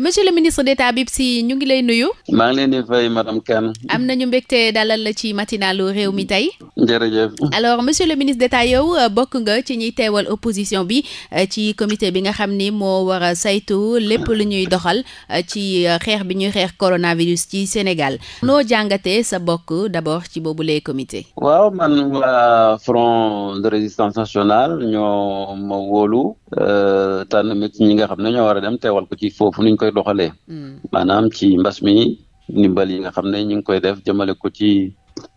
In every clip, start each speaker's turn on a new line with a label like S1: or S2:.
S1: monsieur le ministre d'État Habib Sy ñu ngi lay nuyu.
S2: maa ngi leen di fay madame Kane.
S1: am nañu mbégte dalal la ci matinalu réew mi tey. jërëjëf. monsieur le ministre d'État yow euh, bokk nga ci ñuy teewal opposition bi euh, ci comité bi nga xam ni moo war a saytu lépp lu ñuy doxal euh, ci xeex bi ñuy xeex coronavirus ci Sénégal noo jàngatee sa bokk d'abord ci boobule comité.
S2: waaw man waa Front de résistance nationale ñoo ma wóolu. Euh, tànn mi ci ñi nga xam ne ñoo war a dem teewal ko ci foofu ni koy doxalee. Hmm. maanaam ci mbas mi ndimbal yi nga xam ne ñu ngi koy def jamale ko ci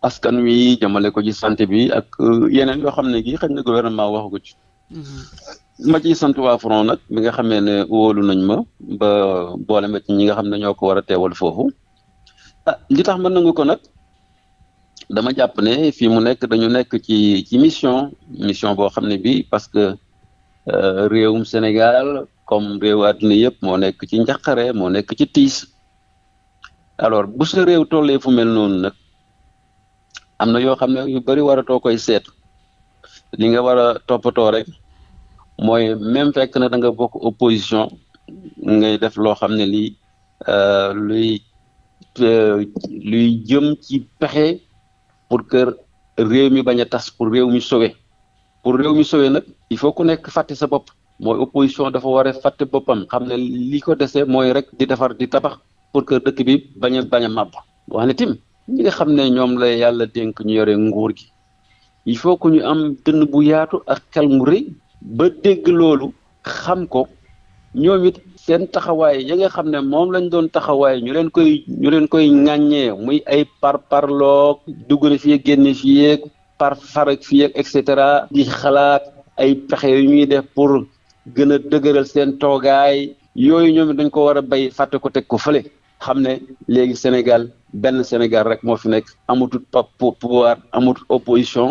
S2: askan wi jamale ko ci santé bi ak euh, yeneen yoo xam ne gi xëy na gouvernement waxu ko ci. Hmm. ma ciy sant waa front nag bi nga xamee ne wóolu nañ ma ba boole ma ci ñi nga xam ne ñoo ko war a teewal foofu a ah, li tax ma nangu ko nag dama jàpp ne fii mu nekk dañu nekk ci ci mission mission boo xam ne bi que. Euh, réewum Sénégal comme réewu àddina yëpp moo nekk ci njaqare moo nekk ci tiis alors bu sa réew tollee fu mel noonu nag am na yoo xam ne yu bëri waratoo koy seet li nga war a toppatoo rek mooy même fekk na da nga bokk opposition ngay def loo xam ne lii euh, luy euh, luy jëm ci pexe pour que réew mi bañ a tas pour réew mi sauver pour réew mi sowee nag il foo ku nekk fàtte sa bopp mooy opposition dafa war a fàtte boppam xam ne li ko dese mooy rek di defar di tabax pour que dëkk bi bañ a bañ a màbb wax ne tim ñi nga xam ne ñoom la yàlla dénk ñu yore nguur gi il faut que ñu am dënn bu yaatu ak xel mu rëy ba dégg loolu xam ko ñoom it seen taxawaay ya nga xam ne moom lañ doon taxawaay ñu leen koy ñu leen koy ŋàññee muy ay par parloog dugg na fii génn fii par farak fii ak et cetera di xalaat ay pexe yu ñuy def pour gën a dëgëral seen toogaay yooyu ñoom dañ ko war a bay fàtte ko teg ko fële xam ne léegi Sénégal benn Sénégal rek moo fi nekk amatul pouvoir amatul opposition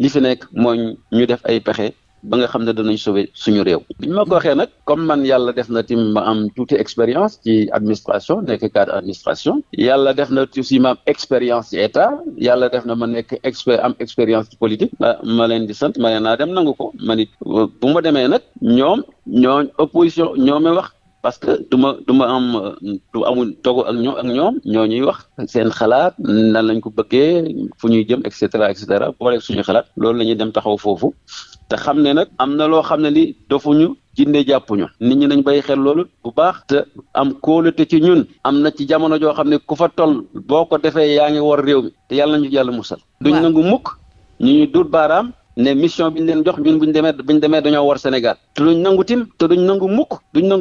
S2: li fi nekk mooy ñu def ay pexe ba nga xam ne danañ sauver suñu réew bi ñu ma ko waxee nag comme man yàlla def na tim ma am tuuti expérience ci administration nekk cadre administration yàlla def na aussi ma am expérience ci état yàlla def na ma nekk expert am expérience ci politique ma leen di sant ma leen naa dem nangu ko man it bu ma demee nag ñoom ñooñ opposition ñoome wax parce que du ma du ma am du amul toog ak ñoom ak ñoom ñoo ñuy wax seen xalaat nan lañ ko bëggee fu ñuy jëm et cetera et cetera boole suñu xalaat loolu la ñuy dem taxaw foofu te xam ne nag am na loo xam ne li dofuñu jinde jàppuñu nit ñi nañ bàyyi xel loolu bu baax te am kóolute ci ñun am na ci jamono joo xam ne ku fa toll boo ko defee yaa ngi war réew mi te yàlla nañu yàlla musal. duñ nangu mukk ñu ñu dut baaraam. ne mission bi ñu leen jox ñun bu ñu demee bu ñu demee dañoo war Sénégal te duñ nangu tim te duñ nangu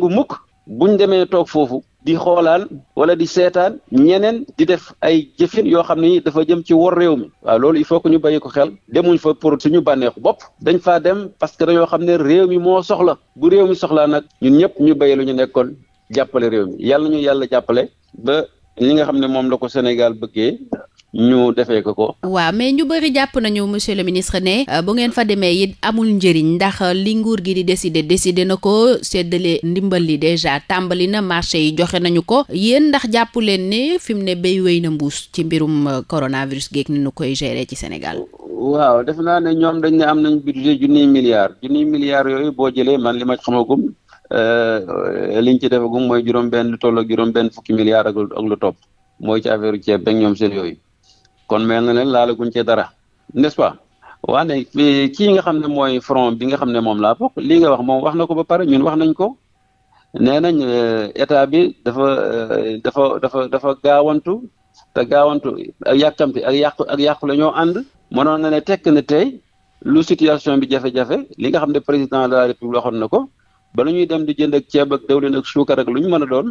S2: mukk buñ demee toog foofu di xoolaan wala di seetaan ñeneen di def ay jëfin yoo xam ne dafa jëm ci wor réew mi waaw loolu il foo que ñu bàyyi ko xel demuñ fa pour suñu bànneexu bopp dañ faa dem parce que dañoo xam ne réew mi moo soxla bu réew mi soxlaa nag ñun ñëpp ñu bàyyi lu ñu nekkoon jàppale réew mi yàlla ñu yàlla jàppale ba li nga xam ne moom la ko Sénégal bëggee ñu defee ko ko.
S1: waaw mais ñu bëri jàpp nañu monsieur le ministre ne euh, bu ngeen fa demee it amul njëriñ ndax euh, li nguur gi di décider décider na ko seddale ndimbal li déjà tàmbali na marché yi joxe nañu ko yéen ndax jàpp leen ni fi mu ne béy wéy na mbuus ci mbirum euh, coronavirus geeg ni nu koy gérer ci Sénégal.
S2: waaw def naa ne ñoom dañ ne am nañ budget junniy milliards junniy milliards yooyu boo jëlee man li ma xamagum liñ ci defagum mooy juróom-benn lu toll ak juróom-benn fukki ak lu topp mooy ci affaire ceeb ñoom seen yooyu. kon mel na leen laalaguñ cee dara n'est-ce pas. waane kii nga xam ne mooy front bi nga xam ne moom laa bokk li nga wax moom wax na ko ba pare ñun wax nañ ko nee nañ euh, état bi dafa euh, dafa dafa dafa gaawantu te gaawantu ak yàkkamti ak yàqu ak yàqu la ànd. mënoon na ne tekk na tey lu situation bi jafe-jafe li nga xam ne président de la république waxoon na ko ba la ñuy dem di jënd ak ceeb ak dawlin ak suukar ak lu ñu mën a doon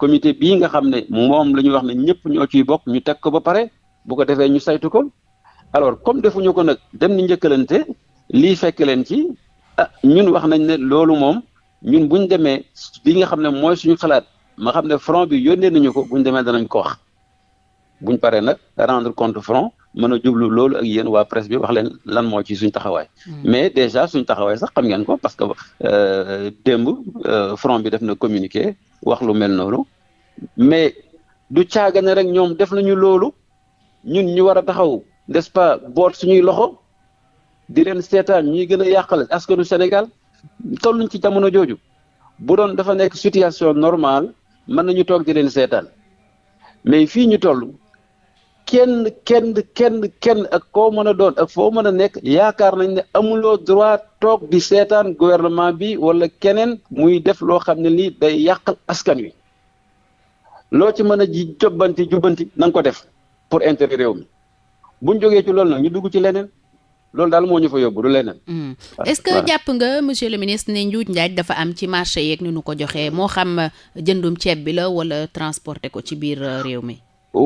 S2: comité bii nga xam ne moom la ñu wax ne ñëpp ñoo ciy bokk ñu teg ko ba pare. boo ko defee ñu saytu ko alors comme defuñu ko nag dem ni njëkkalante lii fekk leen ci ah ñun wax nañ ne loolu moom ñun buñ demee li nga xam ne mooy suñu xalaat ma xam ne front bi yónnee nañu ko buñ demee danañ ko wax buñ paree nag rendre compte front mën a jublu loolu ak yéen waa presse bi wax leen lan mooy ci suñ taxawaay. Hmm. mais déjà suñ taxawaay sax xam ngeen ko parce que euh, démb euh, front bi def na communiquer wax lu mel noonu mais du caaga ne rek ñoom def nañu loolu. ñun ñu war a taxaw n'est-ce boot suñuy loxo di leen seetaan ñuy gën a yàqal askanu Sénégal tolluñ ci jamono jooju bu doon dafa nekk situation normale mën nañu toog di leen seetaan mais fii ñu toll kenn kenn kenn kenn ak koo mën a doon ak foo mën a nekk yaakaar nañ ne amuloo droit toog di seetaan gouvernement bi wala keneen muy def loo xam ne lii day yàqal askan wi loo ci mën a ji jobbanti jubbanti na ko def pour intérêt réew mi bu ñu jógee ci loolu nag ñu dugg ci leneen loolu daal moo ñu fa yóbbu du leneen. Hmm. est-ce que jàpp
S1: nga monsieur le ministre ni njuuj njaaj dafa am ci marché yeeg ni nu ko joxee moo xam jëndum ceeb bi la wala transporter ko ci biir euh, réew mi.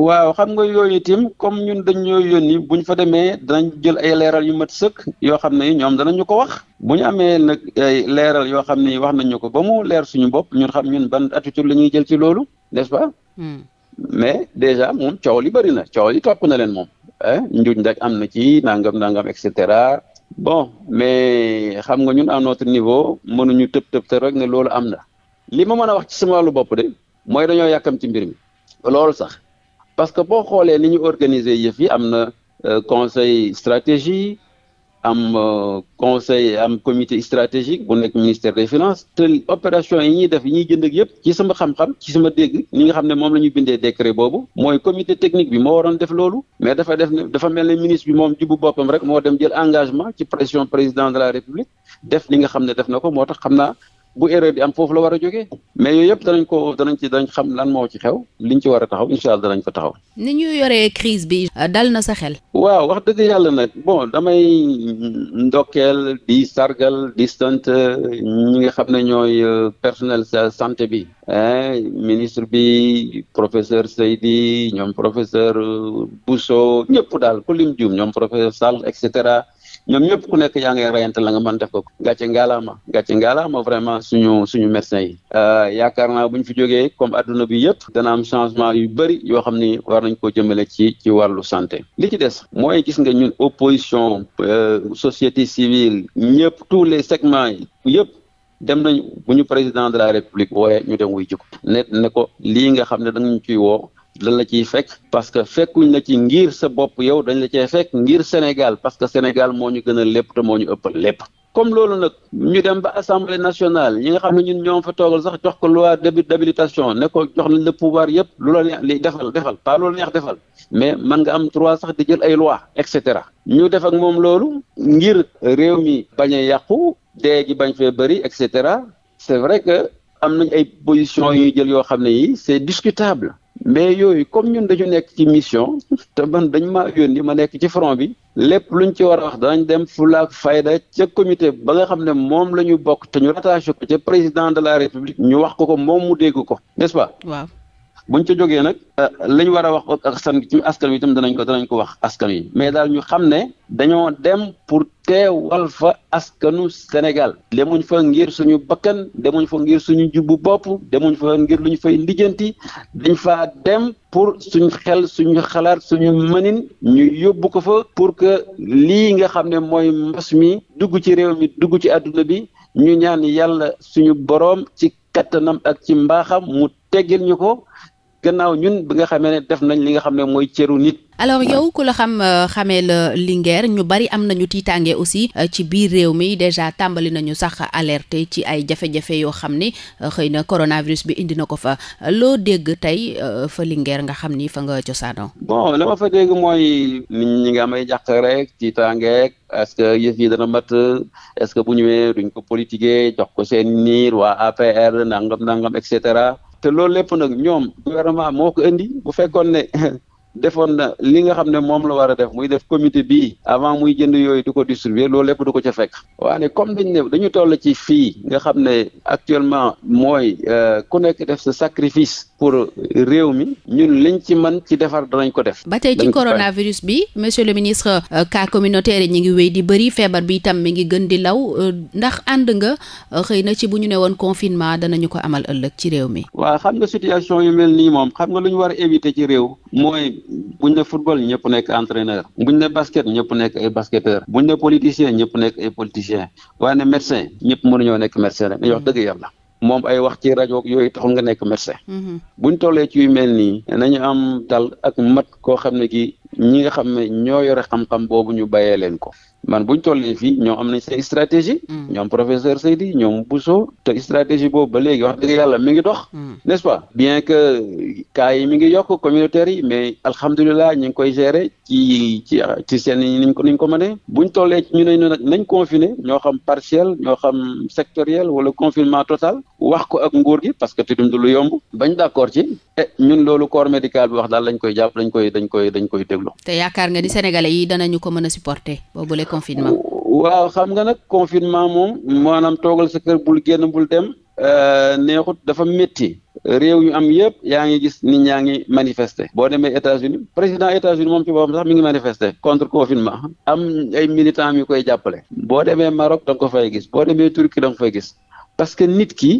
S2: waaw xam nga yooyu itam comme ñun dañu ñoo yónni bu ñu fa demee danañ jël ay leeral yu mat sëkk yoo xam ne ñoom danañu ko wax bu ñu amee nag ay leeral yoo xam ne wax nañ ñu ko ba mu leer suñu bopp ñun xam ñun ban attitude la ñuy jël ci loolu n'est-ce mais déjà moom coow li bëri na coow li topp na leen moom eh njuuñ rek am na ci nangam nangam et cetera bon mais xam nga ñun à notre niveau mënuñu tëb tëb te rek ne loolu am na li ma mën a wax ci sama wàllu bopp de mooy dañoo yàkkam ci mbir mi loolu sax parce que boo xoolee ni ñu organiser yëf yi am na euh, conseil stratégie am euh, conseil am comité stratégique bu nekk ministère des finances te opération yi ñuy def yi ñuy jënd ak yëpp ci sama xam-xam ci sama dégg ni nga xam ne moom la ñu bindee décret boobu mooy comité technique bi moo waroon def loolu mais dafa def ne dafa mel ne ministre bi moom jubbu boppam rek moo dem jël engagement ci pression président de la république def li nga xam ne def na ko moo tax xam na bu erreur di am foofu la war a jógee mais yooyu yëpp danañ ko danañ ci danañ xam lan moo ci xew liñ ci war a taxaw incha allah danañ fa taxaw.
S1: ni ñu yoree crise bi. dal na sa xel.
S2: waaw wax dëgg yàlla nag bon damay ndokkeel di sargal di sant ñi nga xam ne ñooy euh, personnel sa santé bi. ministre bi professeur Seydi ñoom professeur euh, Bousso ñëpp daal ku lim juum ñoom professeur Sall et cetera. ñoom ñëpp ku nekk yaa ngay rayante la nga mën def ko gàcce ngaalaama gàcce ngaalaama vraiment suñu suñu médecin yi euh, yaakaar naa bu ñu fi jógee comme adduna bi yëpp dana am changement yu bëri yoo xam ni war nañ koo jëmale ci ci wàllu santé li ci des mooy gis nga ñun opposition euh, société civile ñëpp tous les segments yi yëpp dem nañ bu ñu président de la république wooye ñu dem wuy jiko ne ne ko lii nga xam ne dañu ciy woo lan la ciy fekk parce que fekkuñ na ci ngir sa bopp yow dañu la cee fekk ngir Sénégal parce que Sénégal moo ñu gën a lépp te moo ñu ëppal lépp. comme loolu nag ñu dem ba assemblée nationale ñi nga xam ne ñun ñoom fa toogal sax jox ko loi d'habilitation ne ko jox nañ le pouvoir yëpp lu la neex li defal defal pas lu la neex defal mais man nga am trois sax di jël ay loi et cetera ñu def ak moom loolu ngir réew mi bañ a yàqu dee bañ fee bëri et cetera c'est vrai am nañ ay position yuy jël yoo xam ne yi c'est discutable mais yooyu comme ñun dañu nekk ci mission te man dañ maa yónni ma nekk ci front bi lépp luñ ci war a wax danañ dem fu fulaak fayda ca comité ba nga xam ne moom la ñu bokk te ñu rattaché ko ca président de la république ñu wax ko ko moom mu dégg ko n'est-ce waaw buñ ca jógee nag euh, lañ war a wax ak san ci askan wi itam danañ ko danañ ko wax askan yi mais daal ñu xam ne dañoo dem pour teewal fa askanu Sénégal demuñ fa ngir suñu bakkan demuñ fa ngir suñu jubbu bopp demuñ fa ngir lu ñu fay lijjanti dañ fa dem pour suñ xel suñu xalaat suñu mënin ñu yóbbu ko fa pour que lii nga xam ne mooy mbas mi dugg ci réew mi dugg ci àdduna bi ñu ñaan yàlla suñu boroom ci kattanam ak ci mbaaxam mu teggil ñu ko gannaaw ñun bi nga xamee ne def nañ li nga xam ne mooy cëru nit.
S1: alors yow ku la xam euh, xamee la Linguère ñu bari am nañu tiitaange aussi euh, ci biir réew mi déjà tàmbali nañu sax alerte ci ay jafe-jafe yoo xam ni euh, xëy na coronavirus bi indi na ko fa loo dégg tey fa Linguère nga xam ni fa nga cosaanoo.
S2: bon la ma fa dégg mooy nit ñi nga am ay jàq rek tiitaangeeg est-ce que yi dana mat est-ce que bu ñëwee duñ ko politiquer jox ko seen niir waa APR nangam nangam et cetera. te loolu lépp nag ñoom gouvernement moo ko indi bu fekkoon ne defoon na li nga xam ne moom la war a def muy def commité bi avant muy jënd yooyu di ko distribuer loolu lépp du ko ca fekk waane comme dañ ne dañu toll ci fii nga xam ne actuellement mooy euh, ku nekk def sa sacrifice pour réew mi ñun lañ ci man ci defar danañ ko def ba tey ci coronavirus
S1: bi monsieur le ministre euh, cas communautaire yi ñu ngi wéy di bëri feebar bi itam mi ngi gën di law euh, ndax ànd nga xëy na ci bu ñu ne woon confinement danañu ko amal ëllëg ci réew mi
S2: waaw xam nga situation yu mel nii moom xam lu ñu war a éviter ci réew mooy buñ ne football ñëpp nekk entraîneur buñ ne basket ñëpp nekk ay basketteur ne politicien ñëpp nekk politicien waaye ne médecin ñëpp nekk médecin rek dañuy wax dëgg moom ay wax ci rajo yooyu taxul nga nekk médecin mm-hmm. buñ tollee ci yu mel nii am dal ak mat koo xam ne ñi nga xam ne ñoo yore xam-xam boobu ñu bayee leen ko man buñ tollee fii ñoom am nañ seen stratégie mm. ñoom professeur Seydi ñoom Bousso te stratégie boobu ba léegi wax dëgg yàlla mi ngi dox mm. n'est-ce pas bien que cas mi ngi yokk communautaire yi mais alhamdulilah ñu ngi koy gérer ci ci ci seen niñ ko niñ ko mënee buñ tollee ci ñu ne nag nañ confiner ñoo xam partiel ñoo xam sectoriel wala confinement total wax ko ak nguur gi parce que tudim du lu yomb bañ d'accord ci eh ñun loolu corps médical bi wax daal lañ koy jàpp dañ koy dañ koy dañ koy confinement.
S1: te yaakaar nga ni sénégalais yi danañu ko mën a supporter boobule confinement.
S2: waaw xam nga nag confinement moom maanaam toogal sa kër bul génn bul dem. Euh, neexut dafa métti. réew yu am yëpp yaa ngi gis nit ñaa ngi manifester boo demee États-Unis président États-Unis moom ci boppam sax mi ngi manifester contre confinement am ay militants yu koy jàppale. boo demee Maroc da ko fay gis boo demee turki da nga ko fay gis parce que nit ki.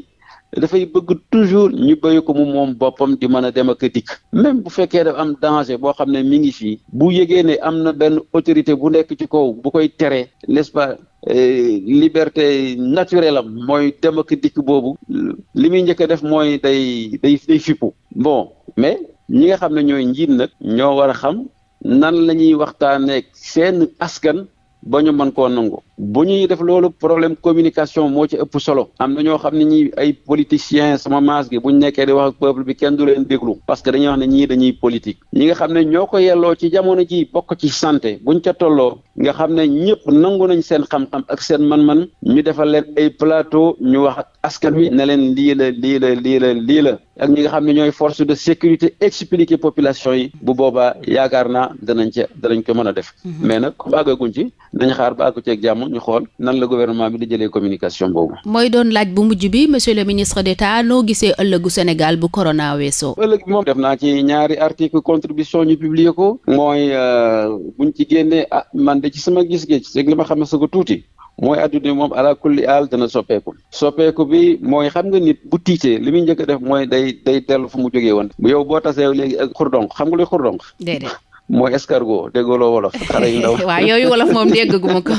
S2: dafay bëgg toujours ñu béyu ko mu moom boppam di mën a dem ak dikk même bu fekkee dafa am danger boo xam ne mi ngi fii bu yëgee ne am na benn autorité bu nekk ci kaw bu koy teree n'est-ce pas euh, liberté naturelle am mooy dem ak dikk boobu li muy njëkk a def mooy day day day fippu bon mais ñi nga xam ne ñooy njiit nag ñoo war a xam nan la ñuy waxtaaneeg seen askan ba ñu mën koo nangu bu ñuy def loolu problème communication moo ci ëpp solo am na ñoo xam ne ñi ay politiciens sama maas bu ñu nekkee di wax peuple bi kenn du leen déglu parce que dañuy wax ne ñii ñi nga xam ne ñoo ko yelloo ci jamono ji bokk ci santé buñ ca tolloo nga xam ne ñëpp nangu nañ seen xam-xam ak seen man-man ñu defal leen ay plateau ñu wax ak askan wi ne leen lii la lii la lii la lii la ak ñi nga xam ne ñooy force de sécurité expliqué population yi bu boobaa yaakaar naa danañ ca danañ ko mën a def mhm. mais nag comme àggaguñ ci nañ xaar ba àggu ceeg jàmm ñu xool nan la gouvernement bi di jëlee communication boobu.
S1: mooy doon laaj bu mujj bi monsieur le ministre d'État noo gisee ëllëgu Sénégal bu corona weesoo.
S2: ëllëg bi moom def naa ci ñaari article contribution ñu publier ko. mooy euh, buñ ci génnee ah man de ci sama gis-gis rek li ma xam ne sa tuuti. mooy adduna moom ala kulli aal dana soppeeku soppeeku bi mooy xam nga nit bu tiite li muy njëkk def mooy day day dellu fu mu jógee woon. yow boo tasee léegi ak xurdonk xam nga luy xurdonk. déedéet mooy escargot déggooloo wolof xale yu ndaw waaw yooyu wolof moom dégguma ko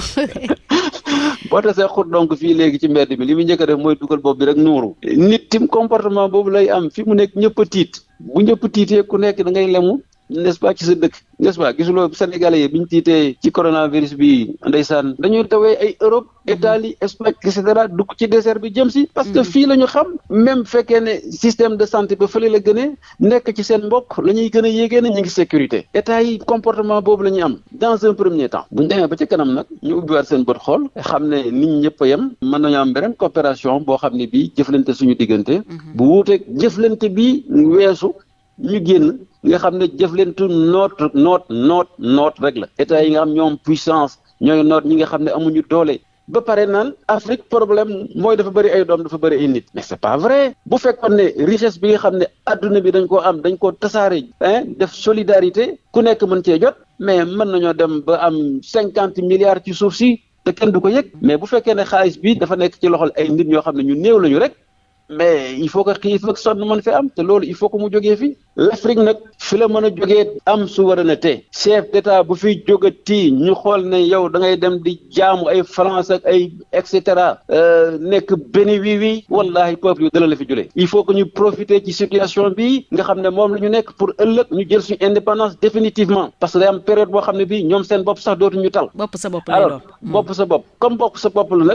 S2: boo tasee xut donc fii léegi ci mbedd mi li mu njëkk a def mooy dugal bopp bi rek nuuru nit tim comportement boobu lay am fi mu nekk ñëpp tiit bu ñëpp tiitee ku nekk da ngay lemu n'est-ce pas ci sa dëkk n'est-ce pas gisuloo sénégalais yi bi ñu tiitee ci coronavirus bi ndeysaan dañuy dawee ay Europe Italie Espagne et cetera dugg ci désert bi jëm si parce que mm-hmm. fii la ñu xam même fekkee ne système de santé ba fële la gënee nekk ci seen mbokk la ñuy gën a yéegee ne ñu ngi sécurité état yi comportement boobu la ñuy am dans un premier temps bu ñu ba ci kanam nag ñu ubbiwaat seen bët xool xam ne nit ñëpp a yem mën nañu am bereen coopération boo xam ne bii jëflante suñu diggante mm-hmm. bu wuuteeg jëflante bi weesu ñu génn nga xam ne jëflantu noot noot noot noot rek la état yi nga xam ñoom puissance ñooy noot ñi nga xam ne amuñu doole. ba pare naan Afrique problème mooy dafa bëri ay doom dafa bëri ay nit mais c'est pas vrai bu fekkoon ne richesse bi nga xam ne adduna bi dañ koo am dañ koo tasaare def solidarité ku nekk mën cee jot mais mën nañoo dem ba am cinquante milliards ci suuf si te kenn du ko yëg mais bu fekkee ne xaalis bi dafa nekk ci loxol ay nit ñoo xam ne ñu néew lañu rek mais il faut que xiif ak sonn mën fi am te loolu il faut que mu jógee fi l'Afrique nag fi la mën a jógee am su war souveraineté chef d'état bu fi jógati ñu xool ne yow da ngay dem di jaamu ay France ay et cetera euh, nekk benn wii wii wallaahi peuple yi dala la fi jule il faut que ñu profiter ci situation bi nga xam ne moom la ñu nekk pour ëllëg ñu jël suñu indépendance définitivement parce que day am période boo xam ne bii ñoom seen bopp sax dootuñu tal. bopp sa bopp lay doon sa bopp comme bopp sa bopp la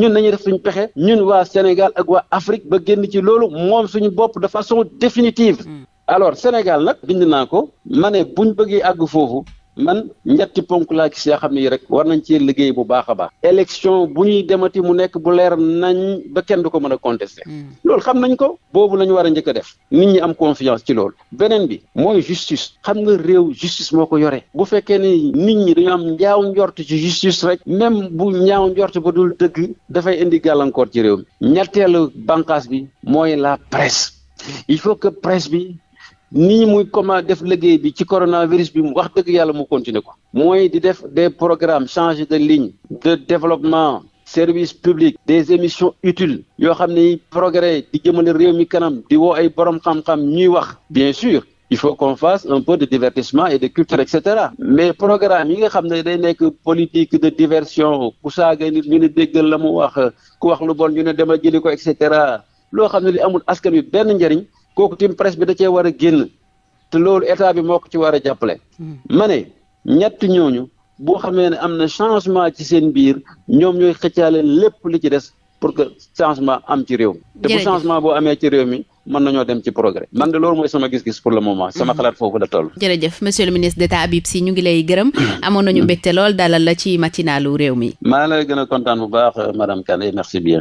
S2: ñun nañu def suñu pexe ñun waa Sénégal ak waa Afrique ba génn ci loolu moom suñu bopp de façon définitive. Mm. alors Sénégal nag bind naa ko ma ne ñu bëggee àgg foofu man ñetti ponk laa gis yoo xam ne yi rek war nañ ci liggéey bu baax a baax élection bu ñuy demati mu nekk bu leer nañ ba kenn du ko mën a contesté hmm. loolu xam nañ ko boobu la war a njëkk a def nit ñi am confiance ci loolu beneen bi mooy justice xam nga réew justice moo ko yore bu fekkee ni nit ñi dañu am njaaw njort ci justice rek même bu ñaaw njort ba dul dëgg dafay indi gàllankoor ci réew mi ñetteelu banqaas bi mooy la presse il faut que presse bi nii muy comment def liggéey bi ci coronavirus bi mu wax dëgg yàlla mu continuer ko. mooy di def des programmes changer de ligne de développement. service public des émissions utiles yoo xam ni progrès di jëmale réew mi kanam di woo ay borom xam-xam ñuy wax bien sûr il faut qu'on un peu de divertissement et de culture et mais programme yi nga xam ne day nekk politique de diversion ku saaga nit ñu ne déggal la mu wax ku wax lu bon ñu ne dama jëli ko et cetera loo xam ne li amul askan wi benn njëriñ kooku tim presse bi da cee war a génn te loolu état bi moo ko ci war a jàppale. Hmm. ma ne ñett ñooñu boo xamee ne am na changement ci seen biir ñoom ñooy xëccaale lépp li ci des pour que changement am ci réew mi. te bu boo amee ci réew mi. mën nañoo dem ci progrès man de loolu mooy sama gis-gis pour le moment sama hmm. xalaat foofu la toll.
S1: jërëjëf monsieur le ministre d'État Habib Sy ñu ngi lay gërëm. Hmm. amoon nañu mbégte lool dalal la ci matinalu réew mi.
S2: maa lay gën a kontaan bu baax madame Kane merci